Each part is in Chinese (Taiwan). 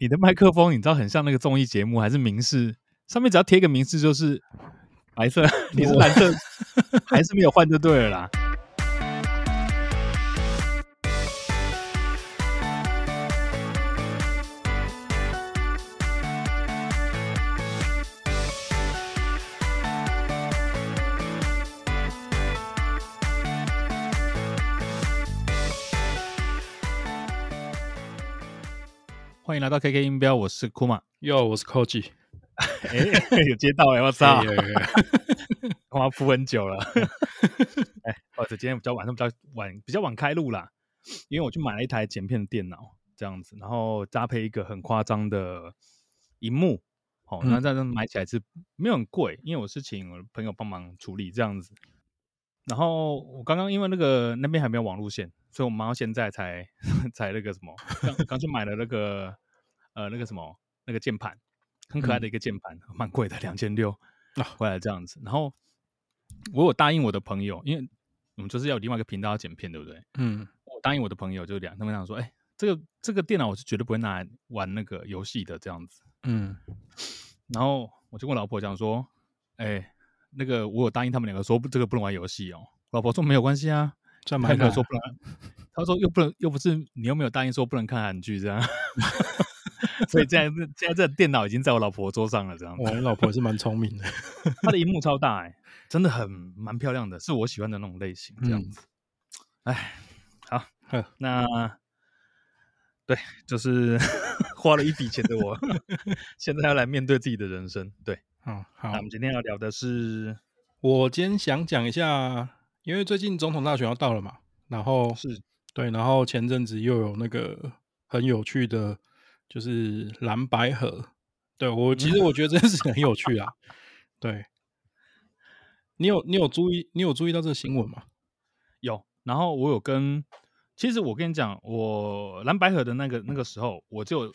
你的麥克風，你知道很像那個綜藝節目還是明示，上面只要貼一個明示就是白色，no. 你是藍色， 還是沒有換就對了啦。來到 KK 音標，我是 Kuma，Yo 我是 Koji，哎、欸，有接到哎，我 操， 我要敷很久了，哎、 欸，或者今天比較晚上比較晚比較晚，比較晚開錄啦，因為我去買了一台剪片的電腦，這樣子，然後搭配一個很誇張的螢幕，哦、喔，那這樣買起來是沒有很貴，因為我是請我的朋友幫忙處理這樣子，然後我剛剛因為那個那邊還沒有網路線，所以我忙到現在才才那個什麼，剛剛去買了那個。 呃，那個什麼，那個鍵盤，很可愛的一個鍵盤，蠻、嗯、貴的，兩千六那，回來這樣子。啊、然後我有答應我的朋友，因為我們就是要有另外一個頻道剪片，對不對？嗯。我答應我的朋友，就兩他們想說，哎，這個這個電腦我是絕對不會拿來玩那個遊戲的，這樣子。嗯。然後我就跟我老婆講說，哎，那個我有答應他們兩個說，這個不能玩遊戲哦。老婆說沒有關係啊，看啊說不能。 他說又不能，又不是你又沒有答應說不能看韓劇這樣、啊。 所以現在，現在這電腦已經在我老婆桌上了，這樣子，哦。我老婆是蠻聰明的， 她的熒幕超大，欸，哎，真的很蠻漂亮的，是我喜歡的那種類型，這樣子。哎，嗯，好，那對，就是花了一筆錢的我，現在要來面對自己的人生。對，嗯，好，那我們今天要聊的是，我今天想講一下，因為最近總統大選要到了嘛，然後是，對，然後前陣子又有那個很有趣的。就是藍白合，對，我其實我覺得這件事情很有趣啊。 對，你有你有注意你有注意到這個新聞嗎？有。然後我有跟，其實我跟你講，我藍白合的那個那個時候，我就，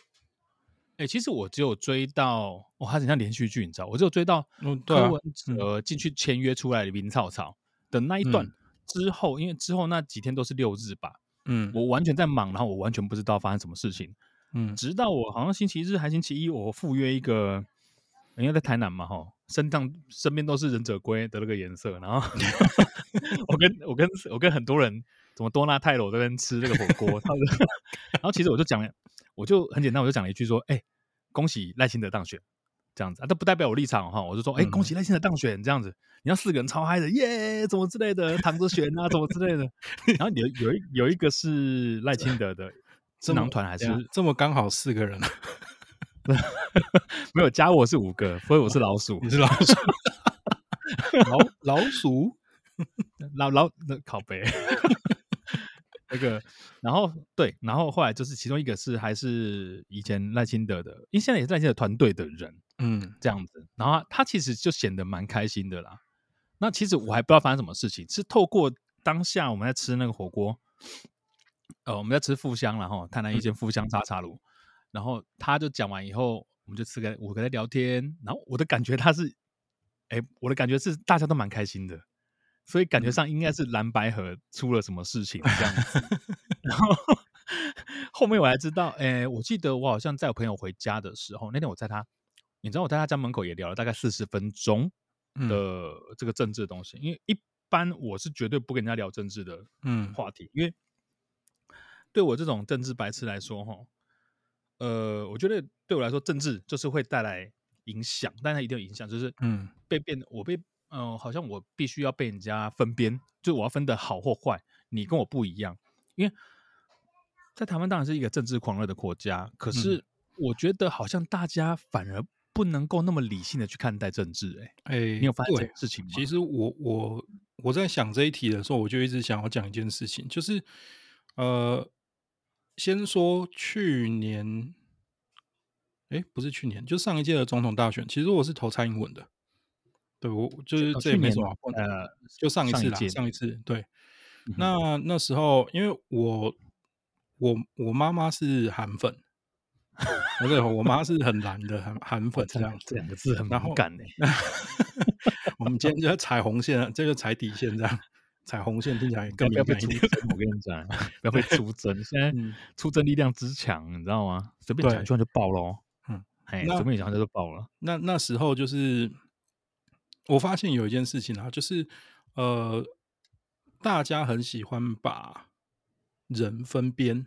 哎，其實我只有追到，我還很像連續劇，你知道，我只有追到柯文哲呃，進去簽約出來的林草草的那一段、嗯、之後，因為之後那幾天都是六日吧，嗯，我完全在忙，然後我完全不知道發生什麼事情。嗯，直到我好像星期日還星期一，我赴約一個，因為在台南嘛，哈，身上身邊都是忍者龜的那個顏色，然後 我跟我跟我跟很多人怎麼多納泰羅在那邊吃那個火鍋，然後然後其實我就講，我就很簡單，我就講了一句說，哎、欸，恭喜賴清德當選，這樣子，啊、都不代表我立場哈，我就說，哎、欸，恭喜賴清德當選、嗯，這樣子，你要四個人超嗨的，耶，怎麼之類的，躺着選啊，怎麼之類的， 然後有有一有一個是賴清德的。智囊團還是、嗯嗯、這麼剛好四個人啊？ 沒有加我是五個，所以我是老鼠、哦。你是老鼠？ 老老鼠？ 老老那靠北 那個，然後對，然後後來就是其中一個是還是以前賴清德的，因為現在也是賴清德團隊的人，嗯，這樣子。然後他，他其實就顯得蠻開心的啦。那其實我還不知道發生什麼事情，是透過當下我們在吃那個火鍋。呃，我們在吃富香然後台南一間富香叉叉爐，然後他就講完以後，我們就吃個我跟他聊天，然後我的感覺他是，哎，我的感覺是大家都蠻開心的，所以感覺上應該是藍白合出了什麼事情這樣子，然後後面我還知道，哎，我記得我好像在我朋友回家的時候，那天我在他，你知道我在他家門口也聊了大概四十分鐘的這個政治的東西，因為一般我是絕對不跟人家聊政治的嗯話題，因為。對我這種政治白痴來說，哈，呃，我覺得對我來說，政治就是會帶來影響，但它一定有影響，就是嗯，被變、嗯，我被，嗯、呃，好像我必須要被人家分邊，就我要分得好或壞，你跟我不一樣。因為在台灣當然是一個政治狂熱的國家，可是我覺得好像大家反而不能夠那麼理性的去看待政治。欸，哎、欸，你有發現這件事情嗎？其實我我我在想這一題的時候，我就一直想要講一件事情，就是呃。先說去年，哎，不是去年，就上一屆的總統大選。其實我是投蔡英文的，對我就是這也沒什麼好、哦、去年，呃，就上一次啦上，一上一次對。嗯、那那時候，因為我我我媽媽是韓粉，不 是我媽是很藍的，很韓粉這樣，這兩個字很敏感呢。 我們今天就要踩紅線， 這個踩底線這樣。踩紅線聽起來更敏感 我跟你講，不要被出征。現 在出征力量之強， 你知道嗎？隨便講句話就爆嘍。嗯，隨、欸、便講就爆了。那那，那時候就是，我發現有一件事情啊，就是呃，大家很喜歡把人分邊，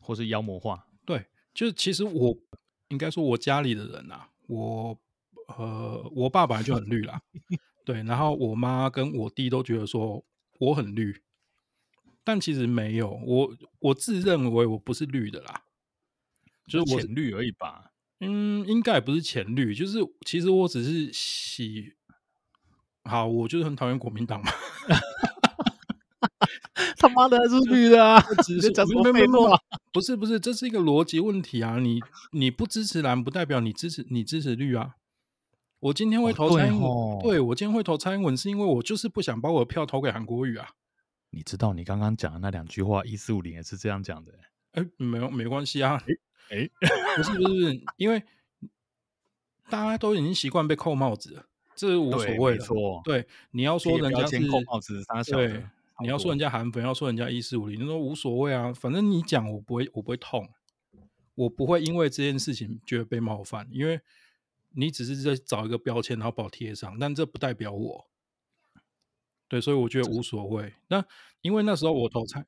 或是妖魔化。對，就是其實我應該說，我家裡的人啊，我呃，我爸、爸本來就很綠啦。 對，然後我媽跟我弟都覺得說我很綠，但其實沒有，我我自認為我不是綠的啦，就是淺綠而已吧。嗯，應該也不是淺綠，就是其實我只是喜，好，我就是很討厭國民黨嘛。 他媽的，還是綠的啊！只是 講什麼廢話？不是不是，這是一個邏輯問題啊！你你不支持藍，不代表你支持你支持綠啊。我今天會投蔡英文，哦，對、哦、對我今天會投蔡英文，是因為我就是不想把我的票投給韓國瑜啊。你知道你剛剛講的那兩句話，一四五零也是這樣講的。哎，沒有沒關係啊。哎，誒 不是不是，因為大家都已經習慣被扣帽子了，這是無所謂的。錯，對，你要說人家是先扣帽子，他笑；你要說人家韓粉，你要說人家一四五零，你說無所謂啊，反正你講我不會，我不會痛，我不會因為這件事情覺得被冒犯，因為。你只是在找一個標籤，然後把我貼上，但這不代表我。對，所以我覺得無所謂。那因為那時候我投蔡，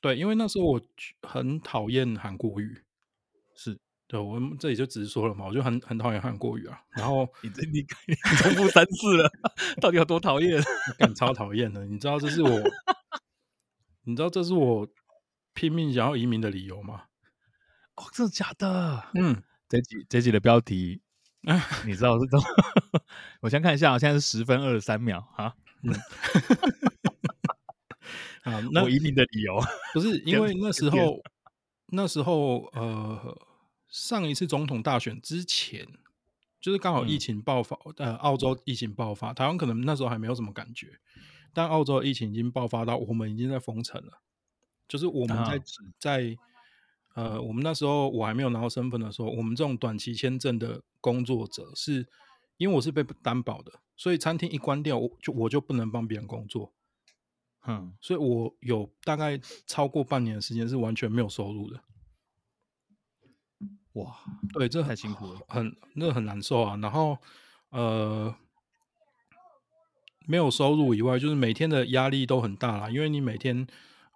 對，因為那時候我很討厭韓國瑜，是對，我這裡就直說了嘛，我就很很討厭韓國瑜啊。然後你你你重複三次了， 到底有多討厭？超討厭的，你知道這是我， 你知道這是我拼命想要移民的理由嗎？哦，真的假的？嗯。這集的標題、啊，你知道是怎？ 我先看一下、啊，我現在是十分二十三秒啊。嗯， 啊，我移民的理由不是因為那時候，那時候呃，上一次總統大選之前，就是剛好疫情爆發、嗯，呃，澳洲疫情爆發，台灣可能那時候還沒有什麼感覺，但澳洲疫情已經爆發到我們已經在封城了，就是我們在在。在呃，我們那時候我還沒有拿到身份的時候，我們這種短期簽證的工作者是，是因為我是被擔保的，所以餐廳一關掉，我就我就不能幫別人工作，嗯，所以我有大概超過半年的時間是完全沒有收入的。哇，對，這很太辛苦了很，那很難受啊。然後，呃，沒有收入以外，就是每天的壓力都很大啦，因為你每天。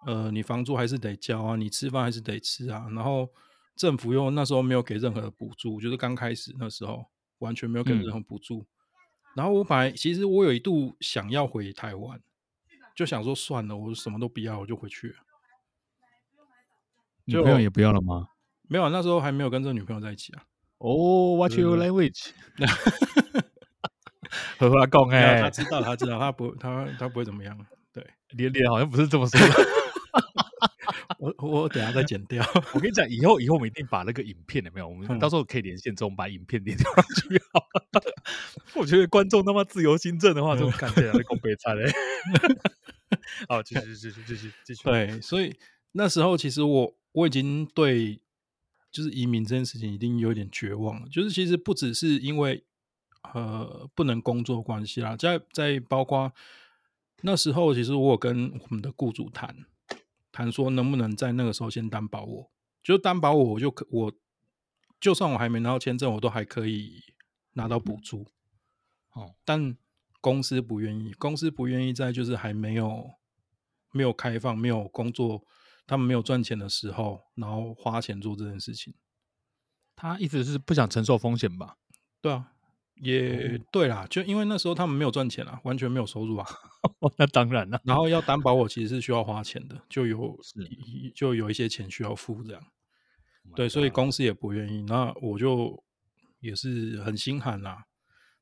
呃，你房租還是得交啊，你吃飯還是得吃啊。然後政府又那時候沒有給任何的補助，就是剛開始那時候完全沒有給任何補助。嗯、然後我本來其實我有一度想要回台灣，就想說算了，我什麼都不要，我就回去了。女朋友也不要了嗎？沒有，那時候還沒有跟這女朋友在一起啊。哦，Watch your language，呵，他講哎，他知道，他知道，他不，他，他不會怎麼樣。對，你的臉好像不是這麼說的。 我我等下再剪掉。， 我跟你講，以後以後我們一定把那個影片，有沒有？我們到時候可以連線之後，我們把影片連上去好了。 我覺得觀眾那麼自由心證的話就，就看起來更悲慘嘞。話話的 好，繼續繼續繼續繼續繼續。對，所以那時候其實我我已經對就是移民這件事情已經有點絕望了。就是其實不只是因為呃不能工作關係啦，在在包括那時候其實我有跟我們的僱主談。談說能不能在那個時候先擔保我，就擔保我，我就可我，就算我還沒拿到簽證，我都還可以拿到補助。哦、嗯，但公司不願意，公司不願意在就是還沒有沒有開放、沒有工作，他們沒有賺錢的時候，然後花錢做這件事情。他一直是不想承受風險吧？對啊。也、哦、對啦，就因為那時候他們沒有賺錢啦，完全沒有收入啊。哦、那當然了。然後要擔保我其實是需要花錢的，就有就有一些錢需要付這樣、oh。對，所以公司也不願意。那我就也是很心寒啦。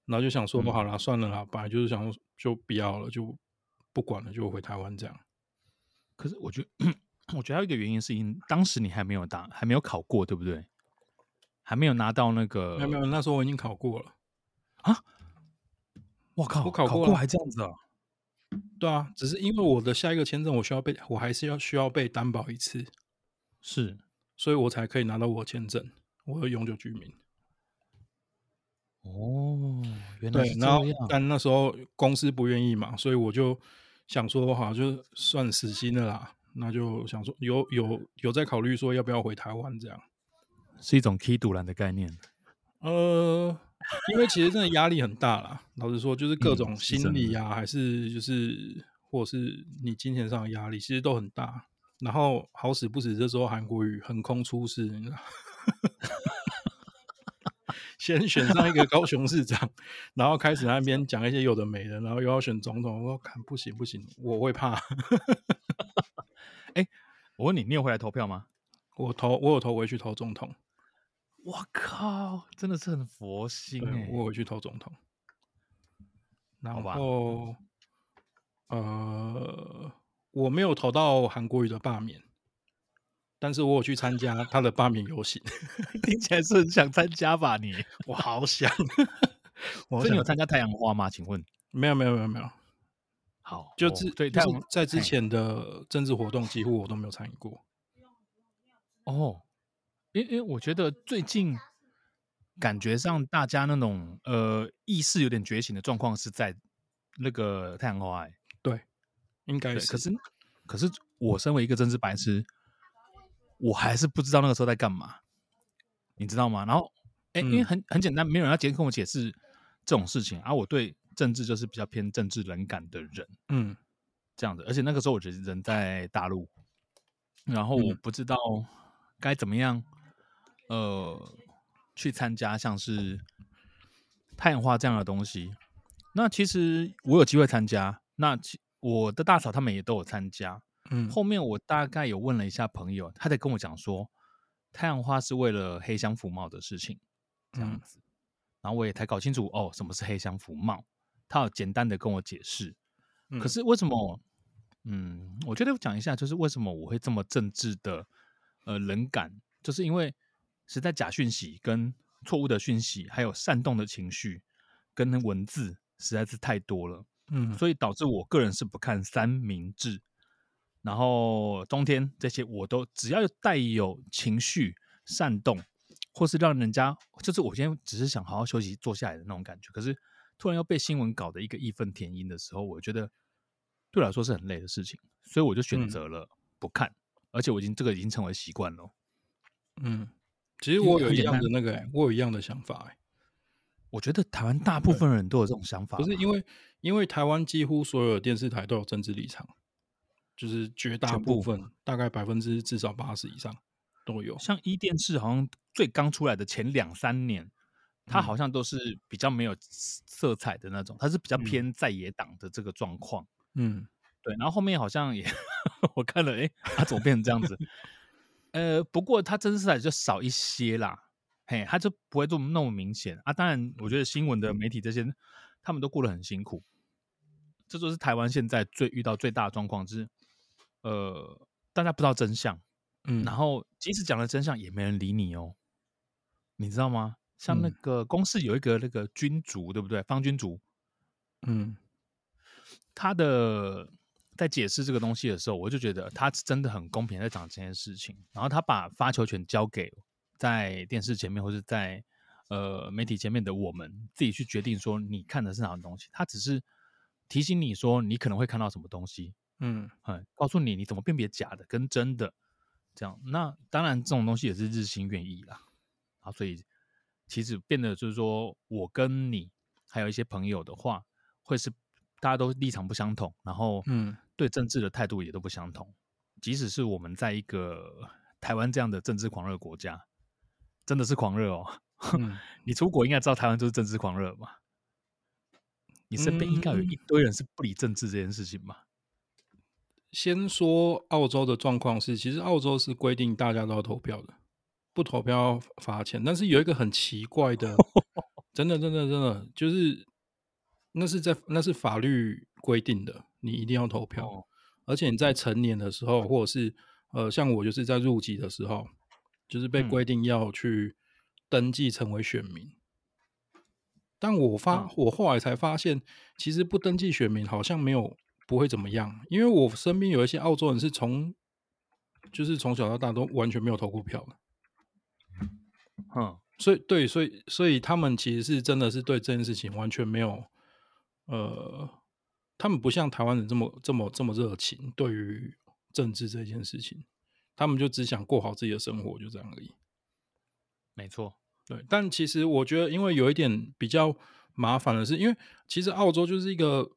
然後就想說不、嗯、好啦，算了啦，本來就是想說就不要了，就不管了，就回台灣這樣。可是我覺得，咳咳我覺得還有一個原因是因為當時你還沒有答，還沒有考過，對不對？還沒有拿到那個？沒有沒有，那時候我已經考過了。啊！我靠，我考過了，考過還這樣子啊、哦？對啊，只是因為我的下一個簽證，我需要被，我還是要需要被擔保一次，是，所以我才可以拿到我簽證，我的永久居民。哦，原來是對，然後但那時候公司不願意嘛，所以我就想說，我好像就算死心了啦，那就想說，有有有在考慮說要不要回台灣這樣，是一種 key 的概念，呃。 因為其實真的壓力很大啦，老實說，就是各種心理啊，還是就是，或是你金錢上的壓力，其實都很大。然後好死不死，這時候韓國瑜橫空出世， 先選上一個高雄市長，然後開始那邊講一些有的沒的，然後又要選總統。我看不行不行，我會怕。哎，我問你，你有回來投票嗎？我投，我有投，回去投總統。我靠，真的是很佛性，欸！對，我有去投總統，然後呃，我沒有投到韓國瑜的罷免，但是我有去參加他的罷免遊行，聽 起來是很想參加吧？你我好， 我好想，所以你有參加太陽花嗎？請問沒有，沒有，沒有，沒有。好，就之，哦，對在，就是，在之前的政治活動，幾乎我都沒有參與過。哦。因為我覺得最近感覺上大家那種呃意識有點覺醒的狀況是在那個太陽花，對，應該是。可是可是，可是我身為一個政治白痴，我還是不知道那個時候在幹嘛，你知道嗎？然後，哎、欸嗯，因為很很簡單，沒有人要直接跟我解釋這種事情啊。我對政治就是比較偏政治冷感的人，嗯，這樣子。而且那個時候，我覺得人在大陸，然後我不知道該怎麼樣。呃，去參加像是太陽花這樣的東西，那其實我有機會參加，那其我的大嫂他們也都有參加。嗯，後面我大概有問了一下朋友，他在跟我講說，太陽花是為了黑箱服貿的事情這樣子，嗯，然後我也才搞清楚哦，什麼是黑箱服貿，他有簡單的跟我解釋，嗯。可是為什麼？嗯，嗯我覺得講一下，就是為什麼我會這麼政治的呃冷感，就是因為。實在假訊息跟錯誤的訊息，還有煽動的情緒跟文字，實在是太多了。嗯。所以導致我個人是不看三明治，然後中天這些我都只要帶有情緒煽動，或是讓人家就是我今天只是想好好休息坐下來的那種感覺，可是突然又被新聞搞得一個義憤填膺的時候，我覺得對我來說是很累的事情，所以我就選擇了不看，嗯。而且我已經這個已經成為習慣了。嗯。其實我有一樣的那個、欸，我有一樣的想法、欸。 我覺得台灣大部分人都有這種想法。不是因為，因為台灣幾乎所有電視台都有政治立場，就是絕大部分大概百分之至少八十以上都有。像壹電視好像最剛出來的前兩三年，它好像都是比較沒有色彩的那種，它是比較偏在野黨的這個狀況。嗯，對。然後後面好像也， 我看了，欸，它怎麼變成這樣子？ 呃，不過他真實來就少一些啦，嘿，他就不會這麼那麼明顯啊。當然，我覺得新聞的媒體這些、嗯，他們都過得很辛苦。這就是台灣現在最遇到最大的狀況，就是呃，大家不知道真相，嗯，然後即使講了真相，也沒人理你哦，你知道嗎？像那個公視有一個那個君竹，對不對？方君竹，嗯，嗯他的。在解釋這個東西的時候，我就覺得他真的很公平在講這件事情。然後他把發球權交給在電視前面或是在呃媒體前面的我們自己去決定說你看的是哪樣東西。他只是提醒你說你可能會看到什麼東西，嗯，告訴你你怎麼辨別假的跟真的。這樣，那當然這種東西也是日新月異啦。啊，所以其實變得就是說我跟你還有一些朋友的話，會是大家都立場不相同，然後嗯。對政治的態度也都不相同，即使是我們在一個台灣這樣的政治狂熱國家，真的是狂熱哦！嗯、 你出國應該知道台灣就是政治狂熱吧？你身邊應該有一堆人是不理政治這件事情嘛、嗯？先說澳洲的狀況是，其實澳洲是規定大家都要投票的，不投票要罰錢。但是有一個很奇怪的， 真的真的真的，就是那是在那是法律規定的。你一定要投票，哦，而且你在成年的時候，或者是呃，像我就是在入籍的時候，就是被規定要去登記成為選民。嗯、但我發、啊、我後來才發現，其實不登記選民好像沒有不會怎麼樣，因為我身邊有一些澳洲人是從，就是從小到大都完全沒有投過票的。嗯、啊，所以對，所以所以他們其實是真的是對這件事情完全沒有，呃。他們不像台灣人這麼這麼這麼熱情，對於政治這件事情，他們就只想過好自己的生活，就這樣而已。沒錯，對。但其實我覺得，因為有一點比較麻煩的是，因為其實澳洲就是一個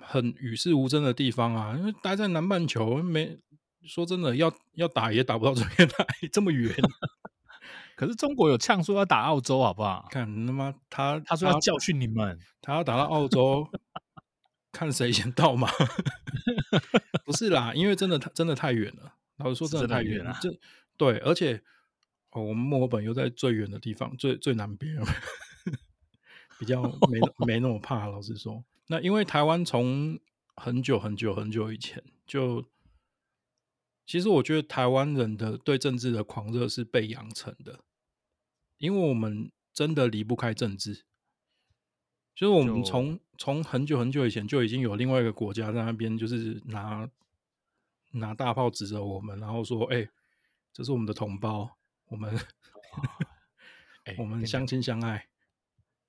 很與世無爭的地方啊。因為待在南半球，沒說真的，要要打也打不到這邊來，這麼遠。 可是中國有嗆說要打澳洲，好不好？看那麼他媽他他說要教訓你們他，他要打到澳洲。 看誰先到嘛？ 不是啦，因為真的，真的太遠了。老實說，真的太遠了。就對，而且、哦、我們墨爾本又在最遠的地方，最最南邊， 比較沒、哦、沒那麼怕。老實說，那因為台灣從很久很久很久以前就，其實我覺得台灣人的對政治的狂熱是被養成的，因為我們真的離不開政治，就是我們從。從很久很久以前就已經有另外一個國家在那邊，就是拿拿大炮指着我們，然後說：“哎、欸，這是我們的同胞，我們、 欸、我們相親相愛。”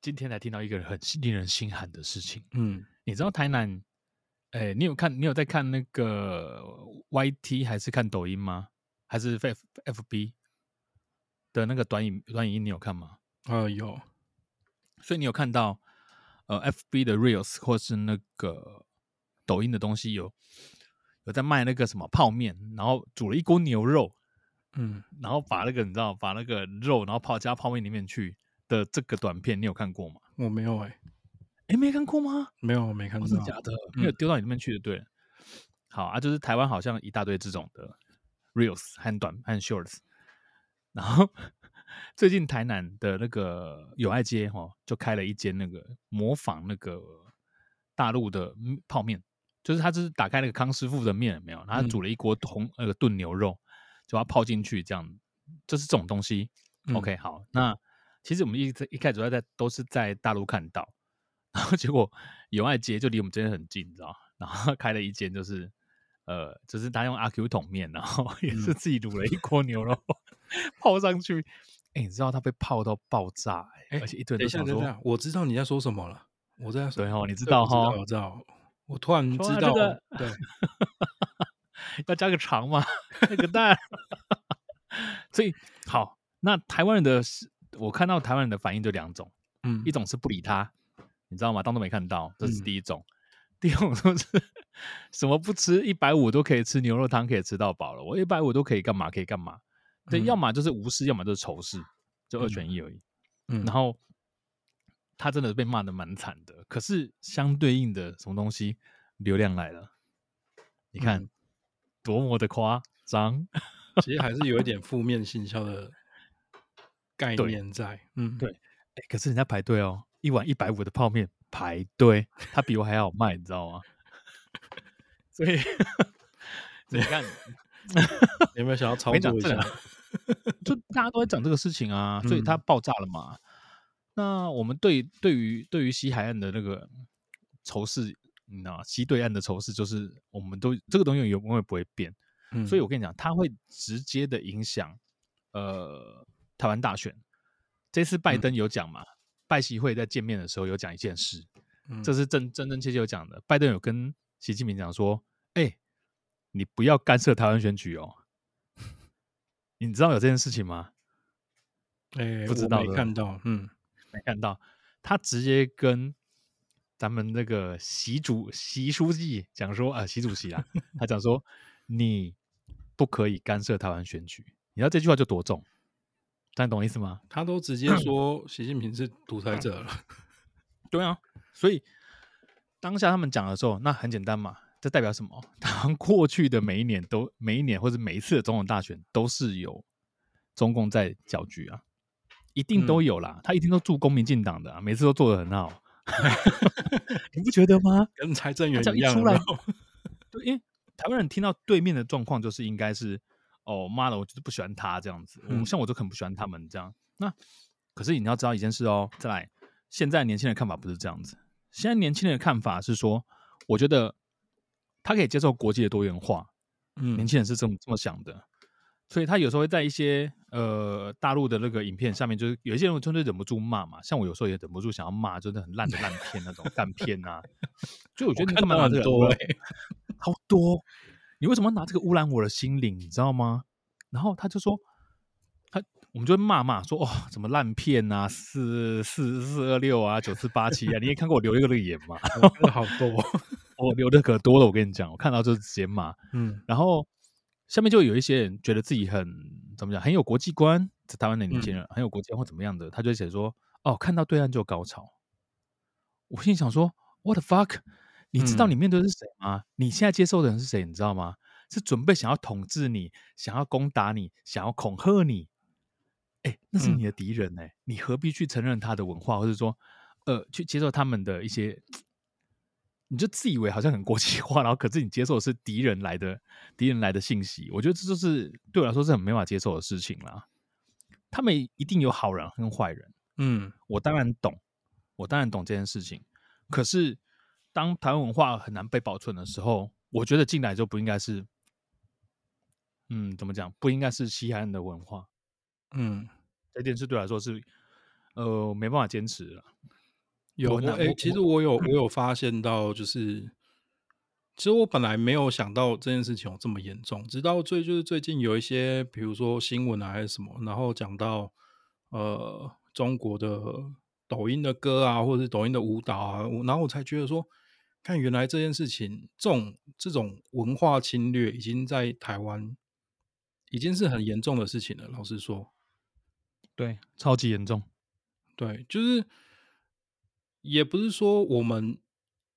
今天才聽到一個很令人心寒的事情。嗯，你知道台南？哎、欸，你有看你有在看那個 YT 還是看抖音嗎？還是 F F B 的那個短影短影音？你有看嗎？啊、呃，有。所以你有看到？呃，FB 的 Reels 或是那個抖音的東西有，有有在賣那個什麼泡麵，然後煮了一鍋牛肉，嗯，然後把那個你知道把那個肉，然後泡加泡麵裡面去的這個短片，你有看過嗎？我、哦、沒有哎、欸，誒，沒看過嗎？沒有，我沒看過，哦、真的假的，沒、嗯、有丟到你那邊去的，對了。好啊，就是台灣好像一大堆這種的 Reels 和短和 Shorts，然後。最近台南的那個友愛街哈，就開了一間那個模仿那個大陸的泡麵，就是他就是打開那個康師傅的麵沒有，然後他煮了一鍋紅那個燉牛肉，就把它泡進去這樣，就是這種東西。嗯、OK，好，那其實我們一直一開始，都在都是在大陸看到，然後結果友愛街就離我們真的很近，你知道，然後開了一間就是呃，就是他用阿 Q 桶麵，然後也是自己煮了一鍋牛肉、嗯、 泡上去。哎、欸，你知道他被泡到爆炸哎、欸欸，而且一堆人都想說。我知道你在說什麼了，我在說。對哦，你知道哈，我知道。我突然知道，啊這個，對， 要加個腸嗎？ 那個蛋。 所以好，那台灣人的，我看到台灣人的反應就兩種，嗯，一種是不理他，你知道嗎？當做沒看到，這是第一種。嗯，第二種，就是什麼？不吃一百五都可以吃牛肉湯，可以吃到飽了。我一百五都可以幹嘛？可以幹嘛？對，要麼就是無視，要麼就是仇視，就二選一而已。嗯、然後他真的被罵得蠻慘的，可是相對應的什麼東西流量來了，你看、嗯、多麼的誇張。其實還是有一點負面行銷的概念在。 在嗯，對。可是人家排隊哦，一碗一百五的泡面排隊，他比我還好賣， 你知道嗎？所以 你看。 有沒有想要操作一下、啊？就大家都在講這個事情啊， 所以它爆炸了嘛。嗯、那我們對對於對於西海岸的那個仇視，你知道嗎？西對岸的仇視就是我們都這個東西永遠不會變。嗯、所以，我跟你講，它會直接的影響呃台灣大選。這次拜登有講嘛？嗯、拜習會在見面的時候有講一件事，嗯、這是真真真切切有講的。拜登有跟習近平講說：“哎、欸。”你不要干涉台灣選舉哦， 你知道有這件事情嗎？欸、不知道是不是，沒看到，嗯，沒看到。他直接跟咱們那個習主席書記講說啊、呃，習主席啊，他講說 你不可以干涉台灣選舉。你知道這句話就多重？但你懂我意思嗎？他都直接說習近平是獨裁者了。 對啊，所以當下他們講的時候，那很簡單嘛。這代表什麼？當過去的每一年都每一年，或者每一次的總統大選，都是有中共在攪局啊，一定都有啦。嗯、他一定都助攻民進黨的、啊，每次都做得很好，嗯、 你不覺得嗎？跟財政員一樣，他一出來好好。對，因為台灣人聽到對面的狀況，就是應該是哦媽的，我就是不喜歡他這樣子、嗯。像我就很不喜歡他們這樣。那可是你要知道一件事哦，再來，現在年輕人的看法不是這樣子。現在年輕人的看法是說，我覺得。他可以接受國際的多元化，嗯，年輕人是這麼、嗯、這麼想的，所以他有時候會在一些呃大陸的那個影片下面，就是有一些人真的忍不住罵嘛，像我有時候也忍不住想要罵，真、就、的、是、很爛的爛片那種爛 片啊，就我覺得你看到他媽、這、的、個、多、欸， 好多，你為什麼要拿這個污染我的心靈，你知道嗎？然後他就說，他我們就會罵罵說哦，什麼爛片啊，四四四二六啊，九四八七啊， 你也看過我留一個留言嘛，好多。我留的可多了，我跟你講，我看到就是寫嘛，嗯，然後下面就有一些人覺得自己很怎麼講，很有國際觀，台灣的年輕人很有國際觀或怎麼樣的、嗯，他就寫說：“哦，看到對岸就高潮。”我心想說：“What the fuck？你知道你面對的是誰嗎、嗯？你現在接受的人是誰？你知道嗎？是準備想要統治你，想要攻打你，想要恐嚇你？誒，那是你的敵人誒、欸嗯，你何必去承認他的文化，或者說，呃，去接受他們的一些？”你就自以為好像很國際化，然後可是你接受的是敵人來的敵人來的信息，我覺得這就是對我來說是很沒法接受的事情啦。他們一定有好人跟壞人，嗯，我當然懂、嗯，我當然懂這件事情。可是當台灣文化很難被保存的時候，嗯、我覺得進來就不應該是，嗯，怎麼講？不應該是西安的文化，嗯，這件事對我來說是呃沒辦法堅持了。有哎、欸，其實我有我，我有發現到，就是其實我本來沒有想到這件事情有這麼嚴重，直到最就是最近有一些比如說新聞啊還是什麼，然後講到呃中國的抖音的歌啊或者是抖音的舞蹈啊，然後我才覺得說，看原來這件事情這種這種文化侵略已經在台灣已經是很嚴重的事情了。老實說對，對，超級嚴重，對，就是。也不是說我們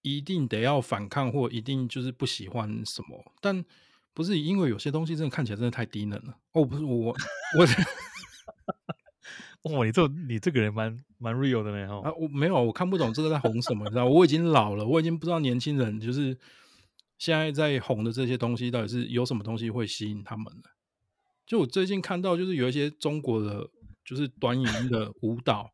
一定得要反抗或一定就是不喜歡什麼，但不是因為有些東西真的看起來真的太低能了。哦，不是我，我，哇、 哦，你這個、你這個人蠻蠻 real 的呢，哈、哦。啊，我沒有，我看不懂這個在紅什麼， 你知道？我已經老了，我已經不知道年輕人就是現在在紅的這些東西到底是有什麼東西會吸引他們了。就我最近看到，就是有一些中國的就是短影音的舞蹈。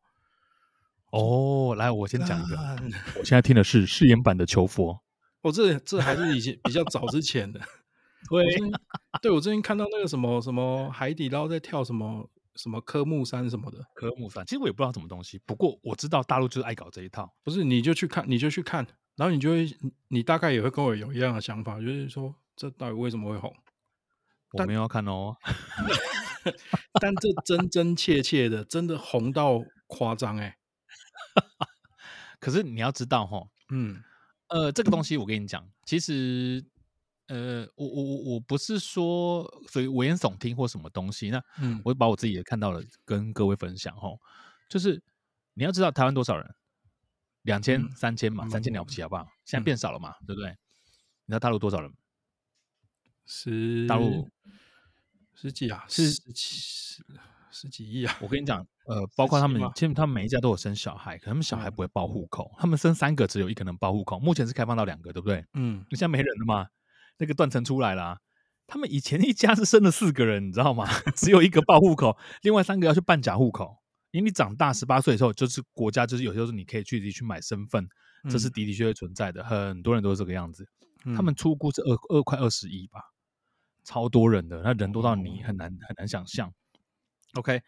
哦，來，我先講一個。 我現在聽的是誓言版的《求佛》 哦，這這還是以前比較早之前的。 對我對我最近看到那個什麼什麼海底撈在跳什麼什麼科目三什麼的科目三，其實我也不知道什麼東西。不過我知道大陸就是愛搞這一套。 不是，你就去看，你就去看，然後你就會，你大概也會跟我有一樣的想法，就是說這到底為什麼會紅？我沒有要看哦。但， 但這真真切切的，真的紅到誇張哎、欸。可是你要知道哈，嗯，呃，這個東西我跟你講，其實，呃，我我我我不是說所以危言聳聽或什麼東西，那嗯，我把我自己也看到了，跟各位分享哈，就是你要知道台灣多少人，兩千三千嘛，三千了不起好不好、嗯？現在變少了嘛，對不對？你知道大陸多少人？十大陸十幾啊？是十十幾億啊！我跟你講，呃，包括他們，其實他們每一家都有生小孩，可他們小孩不會報戶口，嗯，他們生三個只有一個能報戶口，目前是開放到兩個，對不對？嗯，現在沒人了嘛，那個斷層出來了啊。他們以前一家是生了四個人，你知道嗎？ 只有一個報戶口， 另外三個要去辦假戶口，因為你長大十八歲的時候，就是國家就是有些時候你可以自己去買身份，嗯，這是的的確確存在的，很多人都是這個樣子。嗯，他們初估是二二塊二十億吧，嗯，超多人的，那人多到你很難、嗯，很難想象。OK，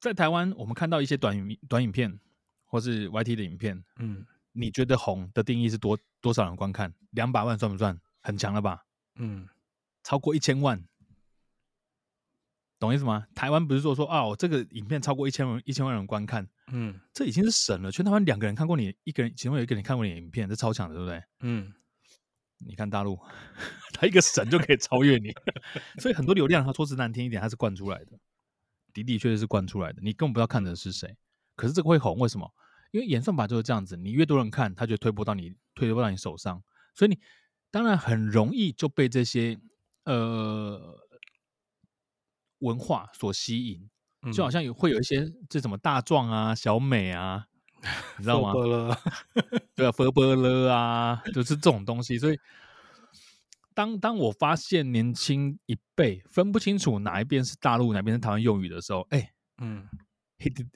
在台灣，我們看到一些短影短影片，或是 YT 的影片，嗯，你覺得紅的定義是多多少人觀看？兩百萬算不算？很強了吧？嗯，超過一千萬，懂意思嗎？台灣不是說說啊，我這個影片超過一千萬，一千萬人觀看，嗯，這已經是神了，全台灣兩個人看過你，一個人其中有一個人看過你的影片，這超強的，對不對？嗯。你看大陸，他一個神就可以超越你 所以很多流量，他說直難聽一點，他是慣出來的，的的確確是慣出來的。你根本不知道看的是誰，可是這個會紅為什麼？因為演算法就是這樣子，你越多人看，他就推播到你，推播到你手上，所以你當然很容易就被這些呃文化所吸引，就好像有會有一些這什麼大壯啊、小美啊。你知道嗎？ 對啊，佛波勒啊，就是這種東西。所以，當當我發現年輕一輩分不清楚哪一邊是大陸，哪邊是台灣用語的時候，哎、欸，嗯，he did,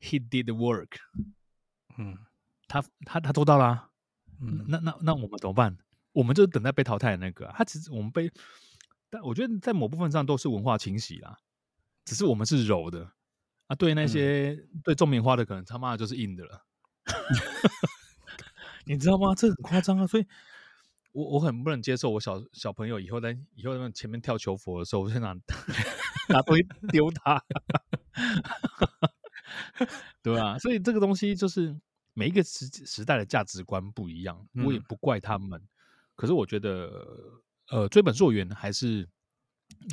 he did work，嗯，他他他做到了、啊，嗯，那那那我們怎麼辦？我們就等待被淘汰的那個、啊。他其實我們被，但我覺得在某部分上都是文化清洗啦，只是我們是柔的。啊，對那些、嗯、對種棉花的，可能他媽的就是硬的了， 你知道嗎？這很誇張啊！所以我，我我很不能接受，我小小朋友以後在以後在前面跳求佛的時候，我現在拿東西丟他， 對啊，所以這個東西就是每一個時時代的價值觀不一樣，我也不怪他們。嗯、可是我覺得，呃，追本溯源還是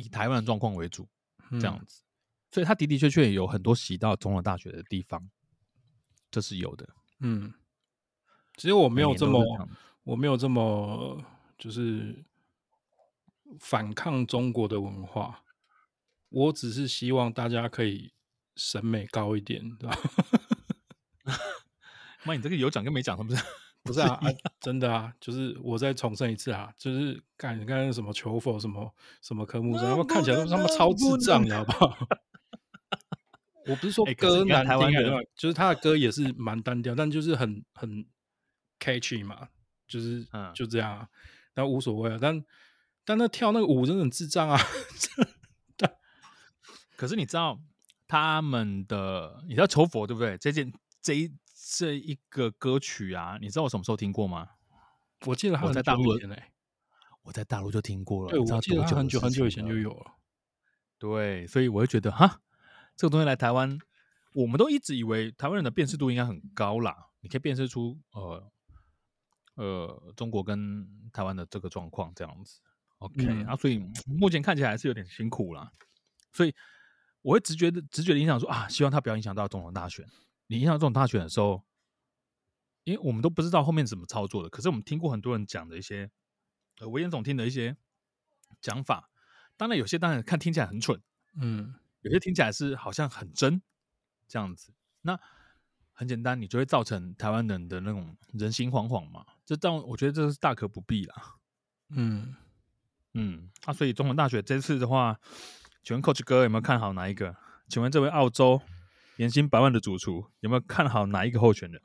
以台灣的狀況為主，嗯、這樣子。所以它的的確確有很多洗到中國大學的地方，這是有的。嗯，其實我沒有這麼，嗯、這我沒有這麼就是反抗中國的文化。我只是希望大家可以審美高一點，知道嗎？媽， 你這個有講跟沒講是不是？不是，啊，不是啊， 啊，真的啊，就是我再重申一次啊，就是看你看什麼求佛什麼什麼科目，啊、然後看起來都他媽超智障，你、啊、知道你好不好？ 我不是說歌難聽啊，就是他的歌也是蠻單調，但就是很很 catchy 嘛，就是就這樣啊，那無所謂啊。但但那跳那個舞真的很智障啊！真的。可是你知道他們的，你知道求佛對不對？這件這一這一個歌曲啊，你知道我什麼時候聽過嗎？我記得我在大陸聽過，我在大陸就聽過了。對，我記得他很久很久以前就有了。對，所以我會覺得哈。這個東西來台灣，我們都一直以為台灣人的辨識度應該很高啦，你可以辨識出呃呃中國跟台灣的這個狀況這樣子，OK、嗯、啊，所以目前看起來還是有點辛苦啦。所以我會直覺的直覺的影響說啊，希望他不要影響到總統大選。你影響到總統大選的時候，因為我們都不知道後面怎麼操作的，可是我們聽過很多人講的一些呃危言聳聽的一些講法，當然有些當然看聽起來很蠢，嗯。有些聽起來是好像很真，這樣子，那很簡單，你就會造成台灣人的那種人心惶惶嘛。這，但我覺得這是大可不必啦。嗯嗯，啊，所以中文大學這次的話，請問 Coach 哥有沒有看好哪一個？請問這位澳洲年薪百萬的主廚有沒有看好哪一個候選人？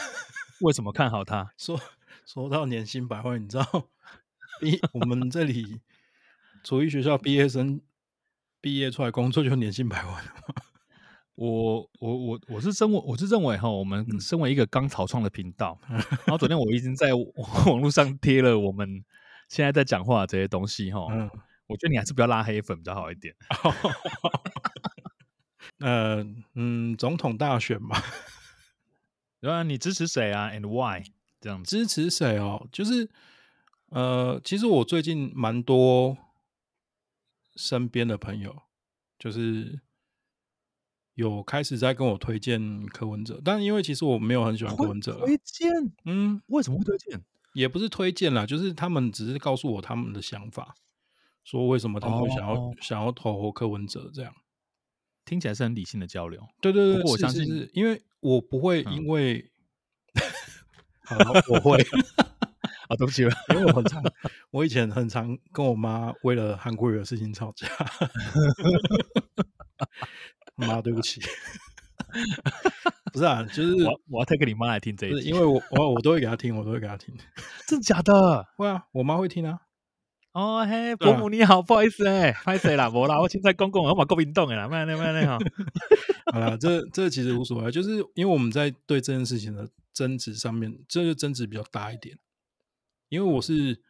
為什麼看好他？說說到年薪百萬，你知道，你我們這裡 廚藝學校畢業生。畢業出來工作就年薪百萬 我我我我是身為，我是認為我是認為哈，我們身為一個剛草創的頻道，嗯、然後昨天我已經在網絡上貼了我們現在在講話這些東西哈。嗯、我覺得你還是不要拉黑粉比較好一點，嗯 呃。呃嗯，總統大選嘛對啊，然後你支持誰啊？And why 這樣？支持誰哦？就是呃，其實我最近蠻多。身邊的朋友，就是有開始在跟我推薦柯文哲，但因為其實我沒有很喜歡柯文哲，推薦，嗯，為什麼會推薦？也不是推薦啦，就是他們只是告訴我他們的想法，說為什麼他們想要、oh. 想要投柯文哲，這樣聽起來是很理性的交流。對對對，不過我相信是是是，因為我不會因為、嗯 好，我會。 啊，對不起啦， 因為我很常，我以前很常跟我媽為了韓國瑜的事情吵架。媽， 對不起。 不是啊，就是我我要帶給你媽來聽這一， 因為我我我都會給她聽，我都會給她聽。真的假的？會啊，我媽會聽啊。哦嘿，伯母你好，啊、不好意思哎，歹勢啦, 啦？我啦，我現在公公，我嘛國民黨的啦，慢點慢點哈。哦、 好了，這這其實無所謂，就是因為我們在對這件事情的爭執上面，這就是、爭執比較大一點。因為我是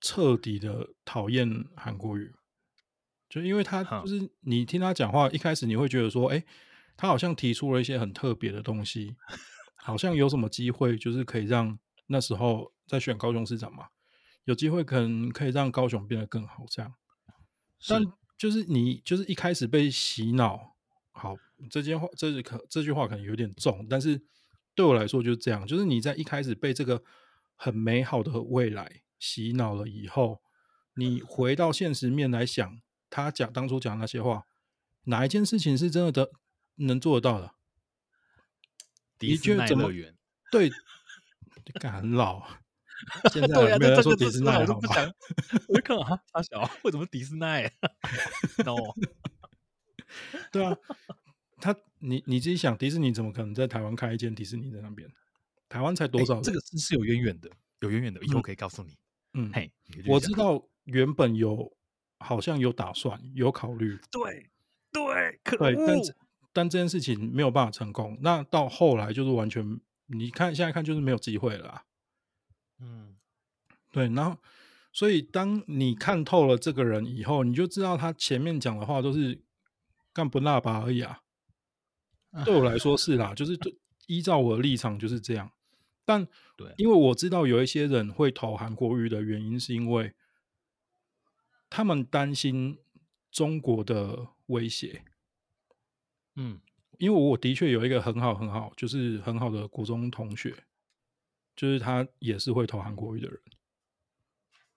徹底的討厭韓國瑜，就因為他就是你聽他講話，一開始你會覺得說，哎，他好像提出了一些很特別的東西， 好像有什麼機會，就是可以讓那時候在選高雄市長嘛，有機會可能可以讓高雄變得更好，這樣。但就是你就是一開始被洗腦，好，這件話這是可這句話可能有點重，但是對我來說就是這樣，就是你在一開始被這個。很美好的未來，洗腦了以後，你回到現實面來想，他講當初講那些話，哪一件事情是真的能能做得到的？迪士尼樂園對， 很老，現在沒有說迪士尼，啊、是是我就不講， 我就看啊，他小，為什麼迪士尼？哦 ，No? 對啊，他你你自己想，迪士尼怎麼可能在台灣開一間迪士尼在那邊？台灣才多少、欸，這個是是有淵源的，有淵源的，以後可以告訴你。嗯，嘿、嗯，hey, 我知道原本有好像有打算，有考慮，對對，可惡，但但這件事情沒有辦法成功。那到後來就是完全，你看現在看就是沒有機會了、啊。嗯，對。然後，所以當你看透了這個人以後，你就知道他前面講的話都是幹不辣吧而已啊。對我來說是啦， 就是對依照我的立場就是這樣。但因為我知道有一些人會投韓國瑜的原因，是因為他們擔心中國的威脅。嗯，因為我的確有一個很好很好，就是很好的國中同學，就是他也是會投韓國瑜的人，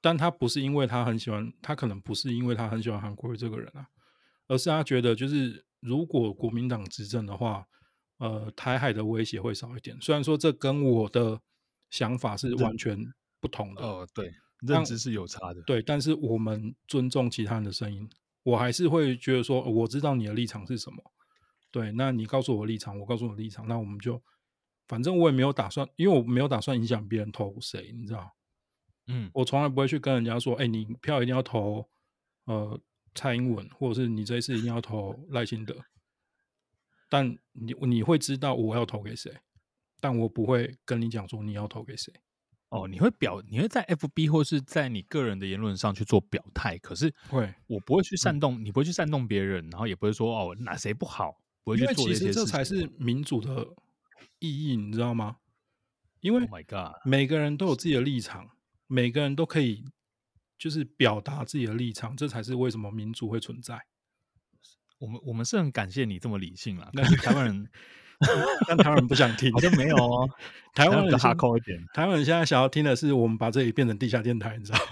但他不是因為他很喜歡，他可能不是因為他很喜歡韓國瑜這個人啊，而是他覺得就是如果國民黨執政的話，呃，台海的威脅會少一點，雖然說這跟我的想法是完全不同的。哦、呃，對，認知是有差的。對，但是我們尊重其他人的聲音。我還是會覺得說，呃、我知道你的立場是什麼。對，那你告訴我立場，我告訴我立場，那我們就，反正我也沒有打算，因為我沒有打算影響別人投誰，你知道。嗯，我從來不會去跟人家說，哎，你票一定要投，呃，蔡英文，或者是你這一次一定要投賴清德。 但你你會知道我要投給誰，但我不會跟你講說你要投給誰。哦，你會表，你會在 FB 或是在你個人的言論上去做表態，可是會我不會去煽動，嗯、你不會去煽動別人，然後也不會說哦那誰不好，不會去做這些事情。因為其實這才是民主的意義，你知道嗎？因為 Oh My God，每個人都有自己的立場，oh、每個人都可以就是表達自己的立場，這才是為什麼民主會存在。我們我們是很感謝你這麼理性，但是台灣人 但，但台灣人不想聽， 好像沒有哦。台灣人哈 台灣人現在想要聽的是我們把這裡變成地下電台，你知道嗎？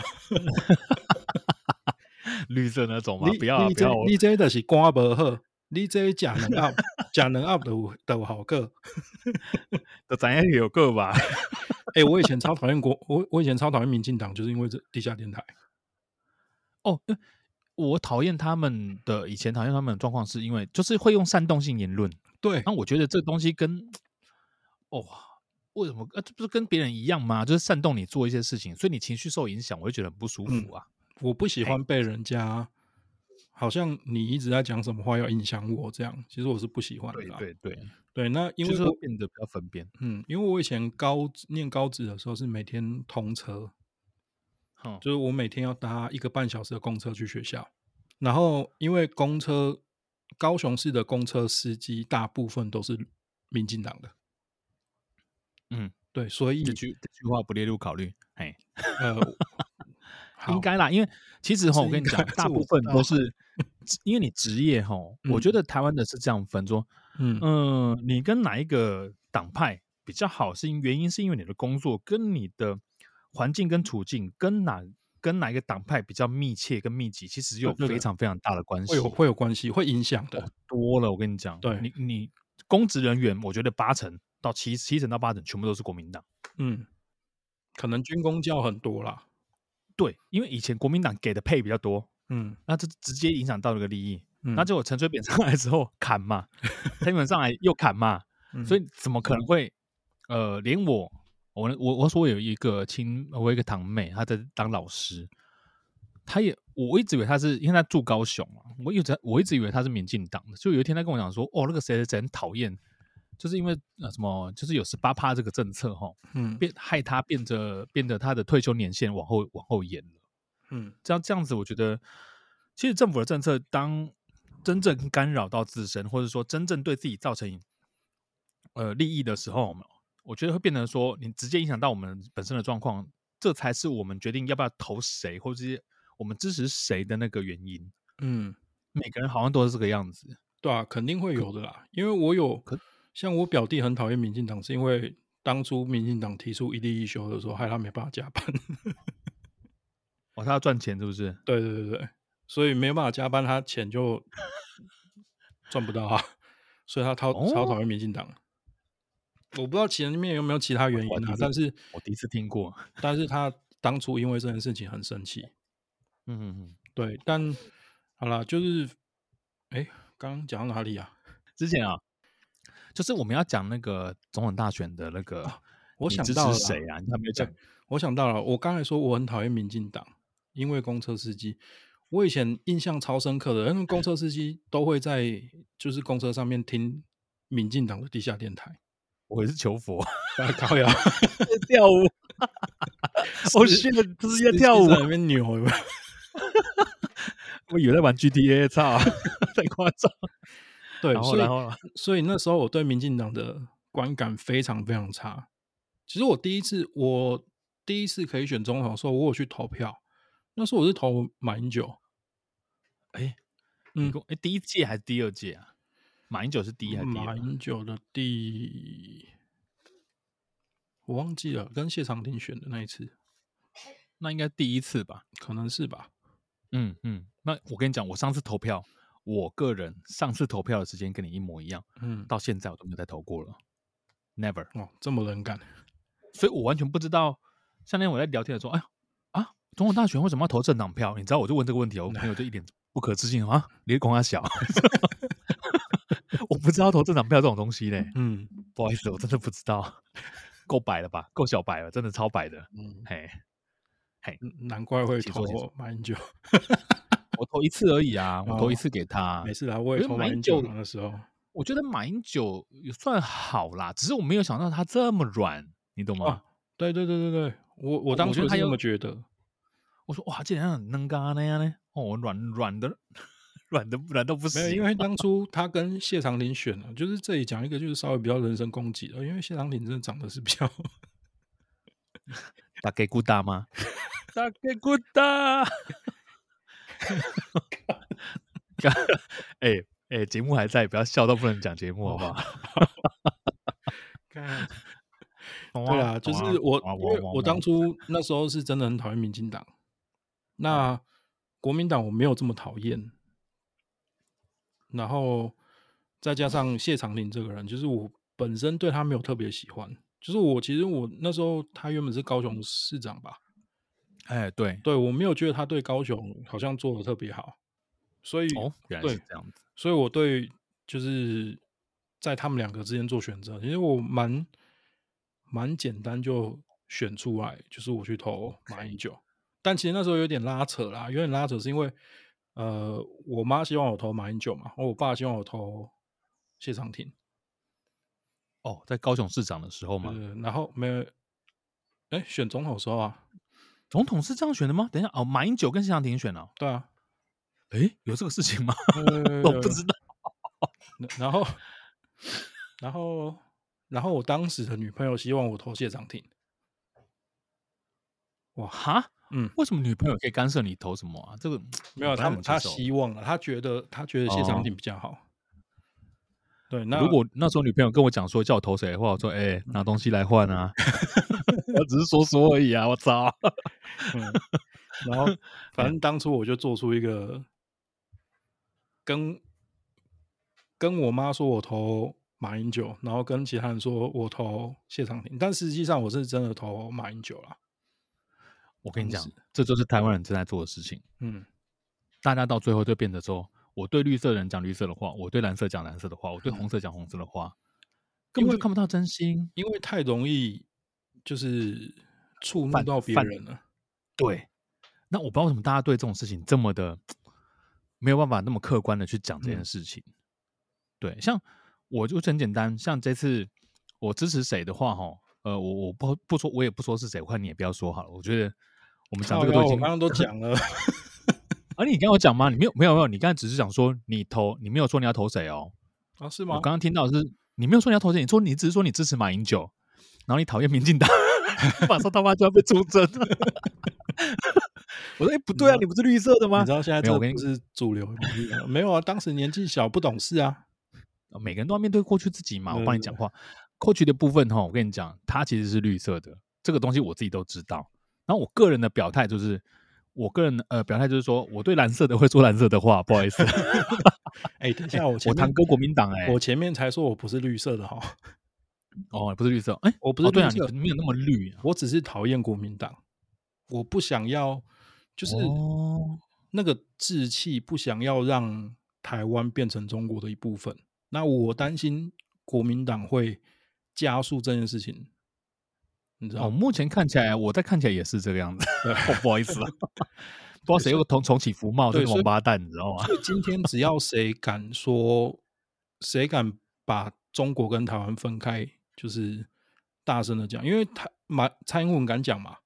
綠色那種嗎？你不要、啊、你這不要，你這、啊、就是肝不好，你這假人 UP 假人 UP 的的好過，咱也有個吧？哎、 欸，我以前超討厭國， 我我以前超討厭民進黨，就是因為這地下電台。 哦。我討厭他們的以前討厭他們的狀況，是因為就是會用煽動性言論。對，那我覺得這東西跟哦，為什麼呃、啊，這不是跟別人一樣嗎？就是煽動你做一些事情，所以你情緒受影響，我就覺得很不舒服啊。嗯、我不喜歡被人家、哎、好像你一直在講什麼話要影響我這樣，其實我是不喜歡的。對對對對，那因為、就是變得比較分辨，嗯，因為我以前高念高職的時候是每天通車。就是我每天要搭一個半小時的公車去學校，然後因為公車高雄市的公車司機大部分都是民進黨的，嗯，對，所以這句這句話不列入考慮，嘿、哎，呃， 應該啦，因為其實哈、哦，我跟你講，大部分都是 因為你職業哈、哦， 我覺得台灣的是這樣分說，嗯嗯、呃，你跟哪一個黨派比較好是因，是原因是因為你的工作跟你的。環境跟處境跟哪跟哪一個黨派比較密切跟密集，其實有非常非常大的關係，會有會有關係，會影響的、哦、多了。我跟你講，對你你公職人員，我覺得八成到七七成到八成，全部都是國民黨。嗯，可能軍公教很多啦。對，因為以前國民黨給的 pay 比較多。嗯，那這直接影響到了個利益。嗯，那就我陳水扁上來之後砍嘛，蔡 英文上來又砍嘛，嗯，所以怎麼可能怎麼會呃連我？我我我說我有一個親，我有一個堂妹，她在當老師，她也我一直以為她是因為她住高雄嘛，我一直我一直以為她是民進黨的。就有一天她跟我講說：“哦，那個誰誰誰很討厭，就是因為、呃、什麼，就是有十八趴這個政策哈、哦，嗯，變害她變着，變得變着她的退休年限往後往後延了，嗯，這樣這樣子，我覺得其實政府的政策，當真正干擾到自身，或者說真正對自己造成呃利益的時候，我覺得會變成說，你直接影響到我們本身的狀況，這才是我們決定要不要投誰，或者我們支持誰的那個原因。嗯，每個人好像都是這個樣子，對啊，肯定會有的啦，因為我有可像我表弟很討厭民進黨，是因為當初民進黨提出一例一休的時候，害他沒辦法加班。哦， 他要賺錢是不是？對對對對，所以沒辦法加班，他錢就賺不到哈、啊，所以他超、哦、超討厭民進黨。我不知道前面有沒有其他原因啊，但是我第一次聽過。 但是他當初因為這件事情很生氣。嗯，嗯嗯，對。但好啦，就是哎，剛剛講到哪裡啊？之前啊、哦，就是我們要講那個總統大選的那個，啊、我想到了，知道是誰啊？你還沒講。我想到了，我剛才說我很討厭民進黨，因為公車司機，我以前印象超深刻的，因為公車司機都會在就是公車上面聽民進黨的地下電台。我也是求佛，高 要 跳舞， 我現在不是跳舞，邊扭有有， 我以為在玩 GTA，操、啊， 太誇張。對，然後然後啊、所以所以那時候我對民進黨的觀感非常非常差。其實我第一次我第一次可以選總統的時候，我有去投票。那時候我是投馬英九。哎、欸，嗯，欸、第一屆還是第二屆啊？馬英九是第一還是第？馬英九的第，我忘記了。跟謝長廷選的那一次，那應該第一次吧？可能是吧。嗯嗯。那我跟你講，我上次投票，我個人上次投票的時間跟你一模一樣。嗯，到現在我都沒有再投過了，Never。哦，這麼冷感，所以我完全不知道。像那天我在聊天的時候，哎呀，啊，總統大選為什麼要投政黨票？你知道，我就問這個問題，我朋友就一點不可置信 啊，你管他小。 我不知道投這張票這種東西嘞，嗯，不好意思，我真的不知道，夠白了吧？夠小白了，真的超白的，嗯，嘿，嘿，難怪會投 馬英九，我投一次而已啊，我投一次給他，沒事啊，我也投馬英九的時候，我覺得馬英九也算好啦，只是我沒有想到他這麼軟，你懂嗎？對、啊、對對對對，我我當初也、啊、是這麼覺得，我說哇，這，人很的這樣能幹那樣呢，哦，軟軟的。軟的軟都不，難道不是？因為當初他跟謝長廷選了、啊， 就是這裡講一個，就是稍微比較人身攻擊的。因為謝長廷真的長得是比較，打給顧達嗎？打給顧達。 哎哎，節目還在，不要笑到不能講節目好不好？ 對啊，就是我，我我當初那時候是真的很討厭民進黨，嗯、那國民黨我沒有這麼討厭。然後再加上謝長廷這個人，就是我本身對他沒有特別喜歡。就是我其實我那時候他原本是高雄市長吧？哎，對，對我沒有覺得他對高雄好像做的特別好，所以、哦、原來是這樣子，對，所以我對就是在他們兩個之間做選擇，其實我蠻蠻簡單就選出來，就是我去投馬英九。Okay. 但其實那時候有點拉扯啦，有點拉扯是因為。呃，我媽希望我投馬英九嘛，我我爸希望我投謝長廷。哦，在高雄市長的時候嘛，呃，然後沒有，哎，選總統的時候啊，總統是這樣選的嗎？等一下哦，馬英九跟謝長廷選了。對啊，哎，有這個事情嗎？ 我不知道。然後， 然後，然後，我當時的女朋友希望我投謝長廷。哇哈，嗯，為什麼女朋友可以干涉你投什麼啊？這個沒有，他他，他希望啊，他覺得他覺得謝長廷比較好。哦、對，那如果那時候女朋友跟我講說叫我投誰的話，我說哎、欸嗯，拿東西來換啊， 我只是說說而已啊， 我操。嗯、然後反正當初我就做出一個、嗯、跟跟我媽說我投馬英九，然後跟其他人說我投謝長廷，但實際上我是真的投馬英九了。我跟你講，這就是台灣人正在做的事情。嗯，大家到最後就變成說，我對綠色人講綠色的話，我對藍色講藍色的話，我對紅色講紅色的話，根本就看不到真心，因為太容易就是觸犯到別人了對。對，那我不知道為什麼大家對這種事情這麼的沒有辦法那麼客觀的去講這件事情。嗯。對，像我就很簡單，像這次我支持誰的話，哈，呃，我我不不說，我也不說是誰，我看你也不要說好了，我覺得。我們講這個東西，我剛剛都講了、 啊。而你跟我講嗎？你沒有沒有沒有，你剛才只是想說你投，你沒有說你要投誰哦。啊，是嗎？我剛剛聽到的是，你沒有說你要投誰，你說你只是說你支持馬英九，然後你討厭民進黨，馬上他媽就要被出征。我說，哎、欸，不對啊你，你不是綠色的嗎？你知道現在沒有，我跟你是主流。 沒有啊，當時年紀小不懂事啊。每個人都要面對過去自己嘛。我幫你講話，過、嗯、去的部分哈、哦，我跟你講，他其實是綠色的。這個東西我自己都知道。那我個人的表態就是，我個人呃表態就是說，我對藍色的會說藍色的話，不好意思。哎、 欸，等一下，欸、我我談過國民黨哎、欸，我前面才說我不是綠色的哈。哦，不是綠色，哎、欸，我不是綠色、哦、對啊，你沒有那麼綠、啊，我只是討厭國民黨，我不想要就是那個志氣，不想要讓台灣變成中國的一部分。那我擔心國民黨會加速這件事情。你知道、哦，目前看起來，我在看起來也是這個樣子、哦。不好意思、啊， 不知道誰又重重啟服貿這個王八蛋，你知道嗎？今天只要誰敢說，誰 敢把中國跟台灣分開，就是大聲的講。因為他馬，蔡英文敢講嘛，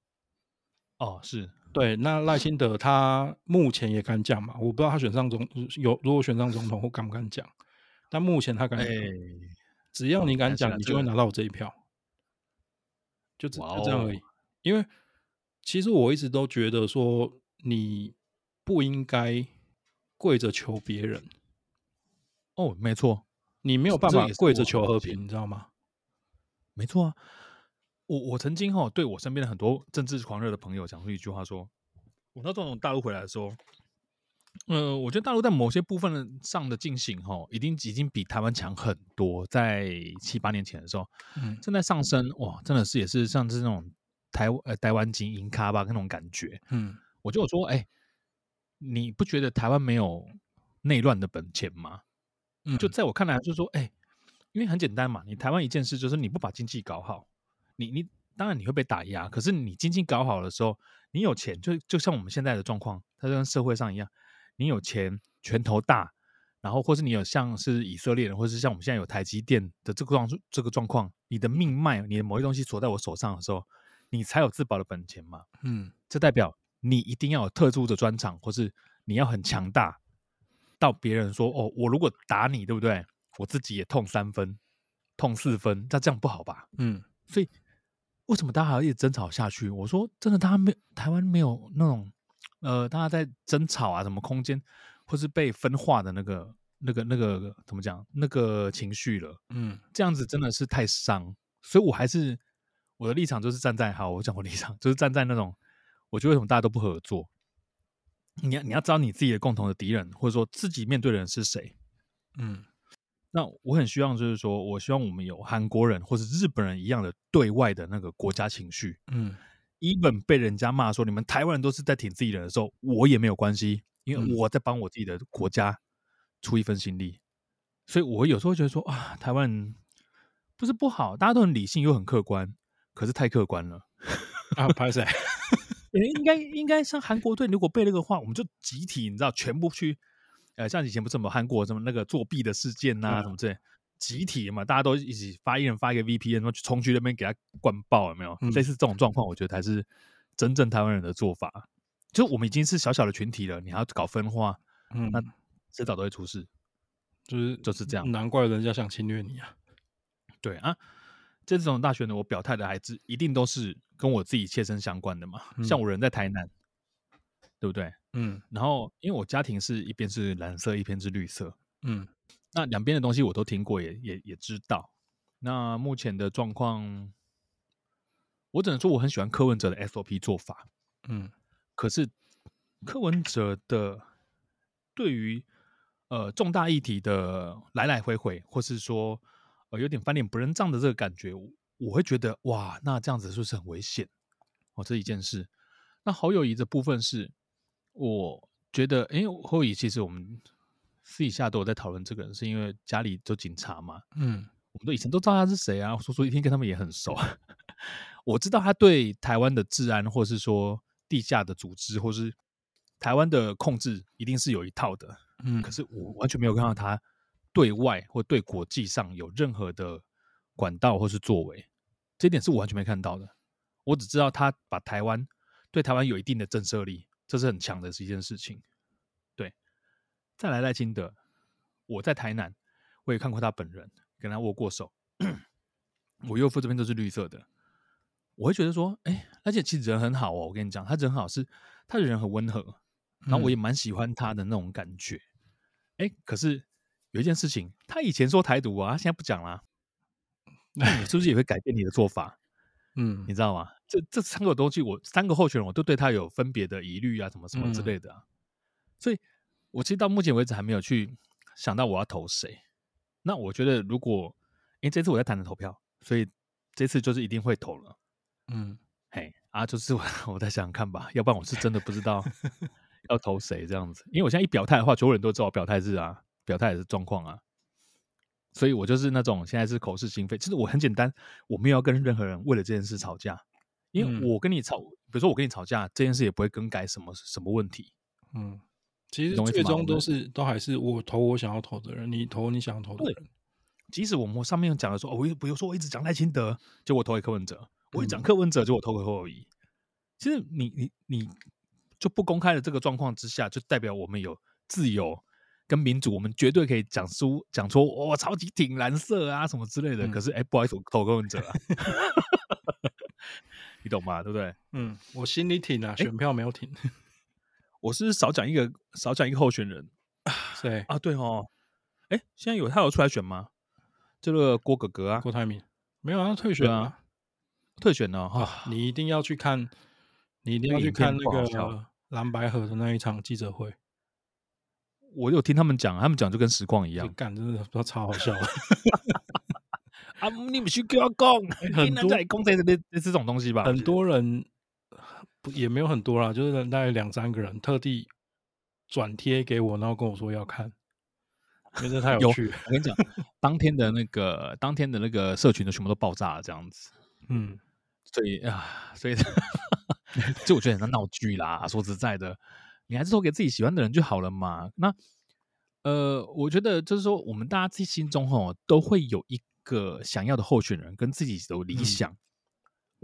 哦，是對。那賴清德他目前也敢講嘛，我不知道他選上總有如果選上總統我敢不敢講，但目前他敢。講、欸欸欸，只要你敢講，哦、你，敢你就會拿到我這一票。嗯就只有這樣而已，哦、因為其實我一直都覺得說你不應該跪着求別人。哦，沒錯，你沒有辦法跪着求和平，你知道嗎？沒錯啊，我我曾經哈對我身邊的很多政治狂熱的朋友講出一句話說，我、哦、那時候從大陸回來的時候。嗯、呃，我覺得大陸在某些部分上的進行哦，一定已經比台灣強很多。在七八年前的時候，嗯、正在上升哇，真的是也是像是那種台呃台灣精英咖吧那種感覺。嗯，我就說哎，你不覺得台灣沒有內亂的本錢嗎？嗯，就在我看來就，就是說哎，因為很簡單嘛，你台灣一件事就是你不把經濟搞好，你你當然你會被打壓。可是你經濟搞好的時候，你有錢就，就就像我們現在的狀況，它就跟社會上一樣。你有錢，拳頭大，然後或是你有像是以色列人，或是像我們現在有台積電的這個狀這個狀況，你的命脈，你的某一些東西鎖在我手上的時候，你才有自保的本錢嘛。嗯，這代表你一定要有特殊的專長，或是你要很強大，到別人說哦，我如果打你，對不對？我自己也痛三分，痛四分，那這樣不好吧？嗯，所以為什麼大家還要一直爭吵下去？我說，真的大家沒，他沒台灣沒有那種。呃，大家在爭吵啊，什麼空間，或是被分化的那個、那個、那個，怎麼講？那個情緒了，嗯，這樣子真的是太傷。所以我還是我的立場就是站在，好，我講我立場就是站在那種，我覺得為什麼大家都不合作？你要你要知道你自己的共同的敵人，或者說自己面對的人是誰？嗯，那我很希望就是說我希望我們有韓國人或者日本人一樣的對外的那個國家情緒，嗯。Even 被人家罵說你們台灣人都是在挺自己人的時候，我也沒有關係，因為我在幫我自己的國家出一份心力。嗯，所以我有時候會覺得說啊，台灣人不是不好，大家都很理性又很客觀，可是太客觀了啊！拍誰？ 應該應該像韓國隊，如果被那個話，我們就集體你知道，全部去，呃，像以前不是有韓國什麼那個作弊的事件吶、啊，什麼之類。嗯集體嘛，大家都一起發，一人發一個 VPN，然後去衝去那邊給他灌爆，有沒有、嗯？類似這種狀況，我覺得才是真正台灣人的做法。就我們已經是小小的群體了，你還要搞分化，嗯，那遲早都會出事，就、嗯、是就是這樣。難怪人家想侵略你啊！對啊，這種大選呢，我表態的還是一定都是跟我自己切身相關的嘛。嗯、像我人在台南，對不對？嗯。然後，因為我家庭是一邊是藍色，一邊是綠色，嗯。那兩邊的東西我都聽過也，也也也知道。那目前的狀況，我只能說我很喜歡柯文哲的 SOP 做法，嗯。可是柯文哲的對於呃重大議題的來來回回，或是說呃有點翻臉不認賬的這個感覺，我會覺得哇，那這樣子是不是很危險？哦，這一件事。那侯友宜的部分是，我覺得誒，侯友宜其實我們。私底下都有在討論這個人，是因為家裡做警察嘛。嗯，我們都以前都知道他是誰啊。說說一天跟他們也很熟啊。 我知道他對台灣的治安，或是說地下的組織，或是台灣的控制，一定是有一套的。嗯，可是我完全沒有看到他對外或對國際上有任何的管道或是作為，這一點是我完全沒看到的。我只知道他把台灣對台灣有一定的震懾力，這是很強的是一件事情。再來賴清德，我在台南，我也看過他本人，跟他握過手。嗯、我岳父這邊都是綠色的，我會覺得說，哎、欸，而且其實人很好哦。我跟你講，他人好是，他的人很溫和，然後我也蠻喜歡他的那種感覺。哎、嗯欸，可是有一件事情，他以前說台獨啊，現在不講啦、啊，那、嗯、你 是不是也會改變你的做法？嗯，你知道嗎？這這三個東西我，我三個候選人我都對他有分別的疑慮啊，什麼什麼之類的、啊嗯，所以。我其實到目前為止還沒有去想到我要投誰。那我覺得，如果因為這次我在談的投票，所以這次就是一定會投了。嗯，嘿啊，就是我，我在想想看吧。要不然我是真的不知道 要投誰這樣子。因為我現在一表態的話，所有人都知道我表態是啊，表態也是狀況啊。所以我就是那種現在是口是心非。其實我很簡單，我沒有要跟任何人為了這件事吵架。因為我跟你吵，嗯、比如說我跟你吵架這件事也不會更改什麼什麼問題。嗯。其實最終都是都還是我投我想要投的人，你投你想要投的人。即使我們上面講的說，我比如說我一直講賴清德，就我投給柯文哲；嗯、我一講柯文哲，就我投給侯友宜。其實你你你就不公開的這個狀況之下，就代表我們有自由跟民主，我們絕對可以講出講出我超級挺藍色啊什麼之類的。嗯、可是哎、欸，不好意思，我投柯文哲啊， 你懂嗎？對不對？嗯，我心裡挺啊，欸、選票沒有挺。我是少講一個，少講一個候選人。誰啊、欸、啊？對哦，哎、欸，現在有他有出來選嗎？這個郭哥哥啊，郭台銘沒有啊，他退選啊，退選了哈、啊。你一定要去看、啊，你一定要去看，要去看那個藍白合的那一場記者會。我有聽他們講，他們講就跟實況一樣，感覺真的，他超好笑。 啊，你們去搞，很多在公在那邊，是這種東西吧？很多人。也沒有很多啦，就是大概兩三個人特地轉貼給我，然後跟我說要看，因為太有趣 有。我跟你講，當天的那個當天的那個社群都全部都爆炸了，這樣子。嗯，所以啊，所以 就我覺得很像鬧劇啦。 說實在的，你還是投給自己喜歡的人就好了嘛。那呃，我覺得就是說，我們大家自己心中哦，都會有一個想要的候選人跟自己的理想。嗯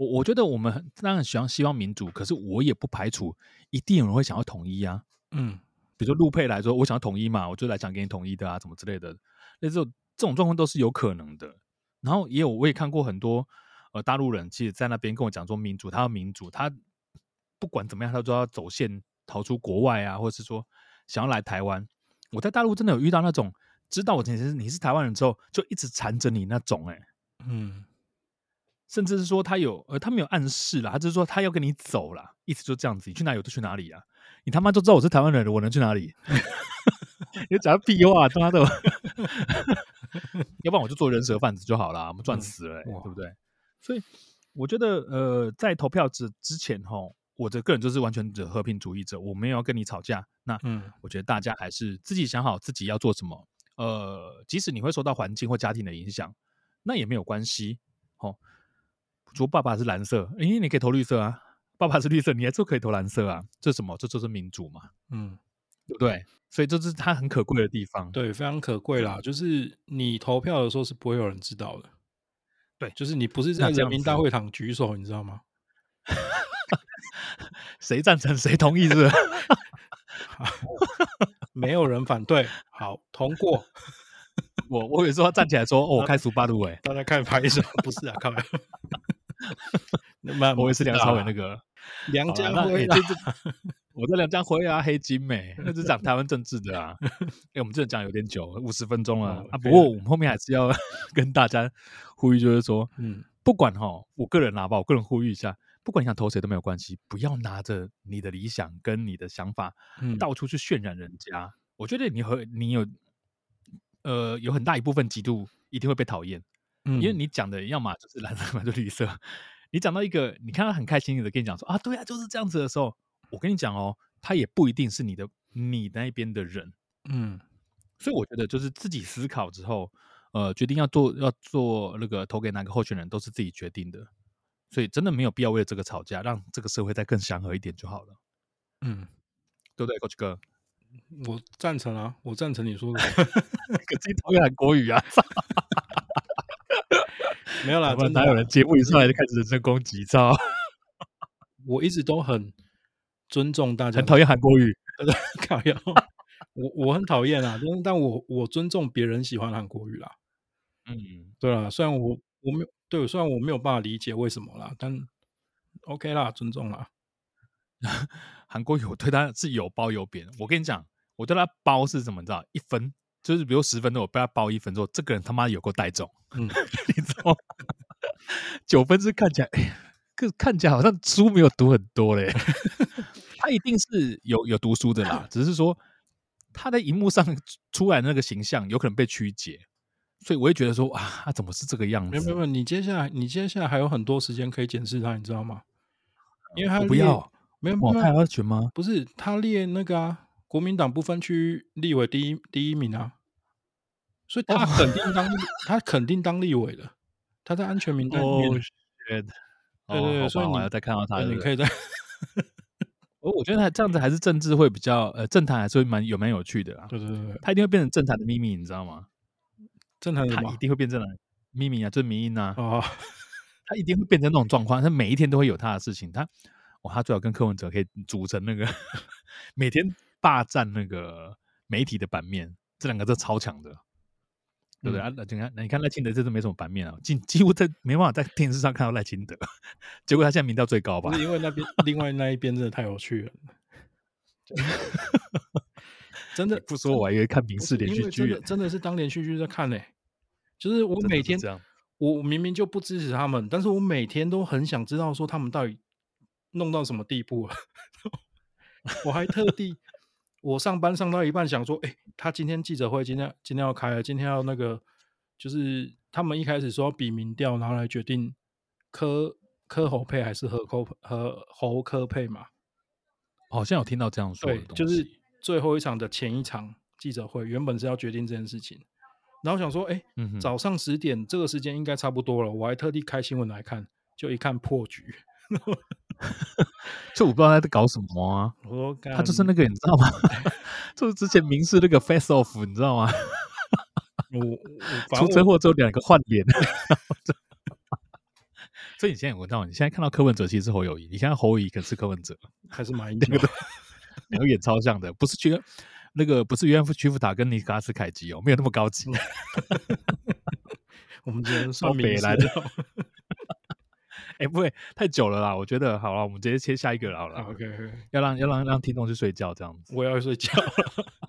我我覺得我們當然很喜歡希望民主，可是我也不排除一定有人會想要統一啊。嗯，比如說陸配來說，我想要統一嘛，我就來講給你統一的啊，什麼之類的。那這種這種狀況都是有可能的。然後也有我也看過很多呃大陸人，其實在那邊跟我講說民主，他要民主，他不管怎麼樣，他都要走線逃出國外啊，或者是說想要來台灣。我在大陸真的有遇到那種知道我其實是你是台灣人之後，就一直纏着你那種哎、欸，嗯。甚至是說他有呃，他沒有暗示啦。他就是說他要跟你走啦，意思就是這樣子，你去哪裡我就去哪裡啊！你他媽就知道我是台灣人的，我能去哪裡？ 你講屁話，他媽的！ 要不然我就做人蛇販子就好啦。我們賺死了，欸嗯，對不對？所以我覺得呃，在投票之之前我的個人就是完全的和平主義者，我沒有要跟你吵架。那嗯，我覺得大家還是自己想好自己要做什麼，嗯。呃，即使你會受到環境或家庭的影響，那也沒有關係。吼。主爸爸是藍色，哎，你可以投綠色啊。爸爸是綠色，你還是可以投藍色啊。這是什麼？這就是民主嘛。嗯，對不對？所以這是它很可貴的地方。對，非常可貴啦。就是你投票的時候是不會有人知道的。對，就是你不是在人民大會堂舉手，你知道嗎？ 誰贊成？誰同意是是？是 沒有人反對。好，通過。 我我有時候站起來說，我、哦、 開始八路、欸、大家看拍手，不， 不是啊，看玩 那麼我,、啊、我也是梁朝偉那個梁家輝啊，我的梁家輝啊， 黑金美， 那是講台灣政治的啊。為、 欸、我們這講有點久，五十分鐘了、哦、okay, 啊。不過我們後面還是要 跟大家呼籲，就是說，嗯，不管哈，我個人拿、啊、吧，我個人呼籲一下，不管你想投誰都沒有關係，不要拿着你的理想跟你的想法、嗯、到處去渲染人家。我覺得你和你有呃有很大一部分嫉妒一定會被討厭。嗯，因為你講的要麼就是藍色，嘛、嗯，就綠色,色。你講到一個，你看他很開心的跟你講說啊，對啊，就是這樣子的時候，我跟你講哦，他也不一定是你的，你那邊的人。嗯，所以我覺得就是自己思考之後，呃，決定要做要做那個投給哪個候選人，都是自己決定的。所以真的沒有必要為了這個吵架，讓這個社會再更祥和一點就好了。嗯，對不對，Koji 哥？我贊成啊，我贊成你說的。自己投討厭國語啊。 沒有啦，我哪有人節目一上來就開始人身攻擊？操！我一直都很尊重大家，很討厭韓國瑜。討 厭。 我我很討厭啊，但 但我我尊重別人喜歡韓國瑜啦。嗯，對啦，雖然我我沒有對，雖然我沒有辦法理解為什麼啦，但 OK 啦，尊重啦。韓國瑜我對他是有褒有貶。我跟你講，我對他褒是怎麼着？一分。就是比如十分鐘，我被他包一分鐘，這個人他媽有夠帶種。嗯， 你知道嗎？ 九分是看起來，可、欸、看起來好像書沒有讀很多嘞， 他一定是有有讀書的啦，只是說他在熒幕上出來的那個形象有可能被曲解，所以我會覺得說啊，他怎麼是這個樣子？沒有沒有，你接下來你接下來還有很多時間可以檢視他，你知道嗎？因為他我不要，沒有沒有安全嗎？不是，他練那個啊。國民黨不分區立委第一第一名啊，所以他肯定當立委，oh, 他肯定當立委的，他在安全名單裡面。Oh, 哦、對對對，好好，所以你要再看到他是是，你可以再。 我覺得他這樣子還是政治會比較呃，政壇還是會蠻有蠻有趣的啊。對對對，他一定會變成政壇的秘密，你知道嗎？政壇的他一定會變成秘密啊，證、就、明、是、啊，哦、oh.，他一定會變成那種狀況，他每一天都會有他的事情。他哇，他最好跟柯文哲可以組成那個 每天。霸佔那個媒體的版面。這兩個都超強的，嗯、對不對啊？那你看，那你看賴清德這都沒什麼版面啊，幾幾乎在沒辦法在電視上看到賴清德。結果他現在民調，最高吧？不是因為那邊 另外那一邊真的太有趣了，真的， 真的不說我還以為 看民視連續劇、欸真，真的是當連續劇在看呢、欸。就是我每天我明明就不支持他們，但是我每天都很想知道說他們到底弄到什麼地步了。 我還特地。 我上班上到一半，想說，哎、欸，他今天記者會，今天今天要開了，今天要那個，就是他們一開始說要比民調，然後來決定柯柯侯配還是和侯和侯柯配嘛，好像有聽到這樣說的東西。對，就是最後一場的前一場記者會，原本是要決定這件事情，然後想說，哎、欸嗯，早上十點這個時間應該差不多了，我還特地開新聞來看，就一看破局。 就我不知道他在搞什麼啊，oh, 他就是那個你知道嗎？ 就是之前民視那個 Face Off，你知道嗎？ 我我我出車禍之後兩個換臉，所以你現在有看到，你現在看到柯文哲其實是侯友宜，你現在侯友宜可是柯文哲，還是蠻 那個的，兩個超像的，不是冤 那個不是約翰屈伏塔跟尼古拉斯凱奇哦，沒有那麼高級， 我們只能說名字、oh,。 哎、欸，不會太久了啦。我覺得好了，我們直接切下一個啦好了。Okay, OK，要讓要讓讓聽眾去睡覺這樣子。 我要睡覺了，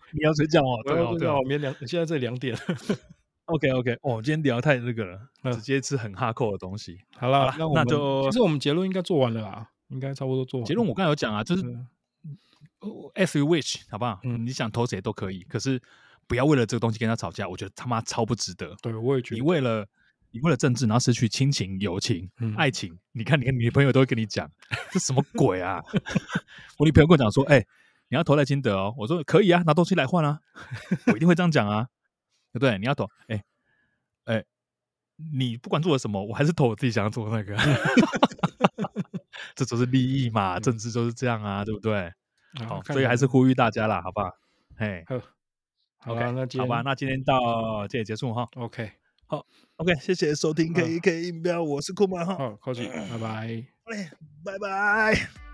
你要睡覺哦。 對啊、哦，我們兩、哦哦、現在這兩點。 OK OK，哦，今天聊得太那個了、嗯，直接吃很哈扣的東西。好了，那我們那就其實我們結論應該做完了啦，應該差不多做完了。結論我剛才有講啊，就是是 As you wish，好不好？嗯，你想投誰都可以，可是不要為了這個東西跟他吵架。我覺得他媽超不值得。對，我也覺得。你為了。你為了政治，然後失去親情、友情、嗯、愛情你。你看，你的女朋友都會跟你講， 這什麼鬼啊？ 我女朋友跟我講說：“哎、欸，你要投賴清德哦。”我說：“可以啊，拿東西來換啊。 ”我一定會這樣講啊。對，你要投，哎、欸、哎、欸，你不管做了什麼，我還是投我自己想要做那個。嗯、 這就是利益嘛，政治就是這樣啊，嗯、對不對？嗯、好看看，所以還是呼籲大家啦，好不好？哎，好、啊、okay, 那好吧，那今天到這裡結束哈、哦。OK，好。Okay, OK，謝謝收聽 KK 音標，我是庫馬哈。好、哦，Koji 拜拜。好嘞，拜拜。哎拜拜。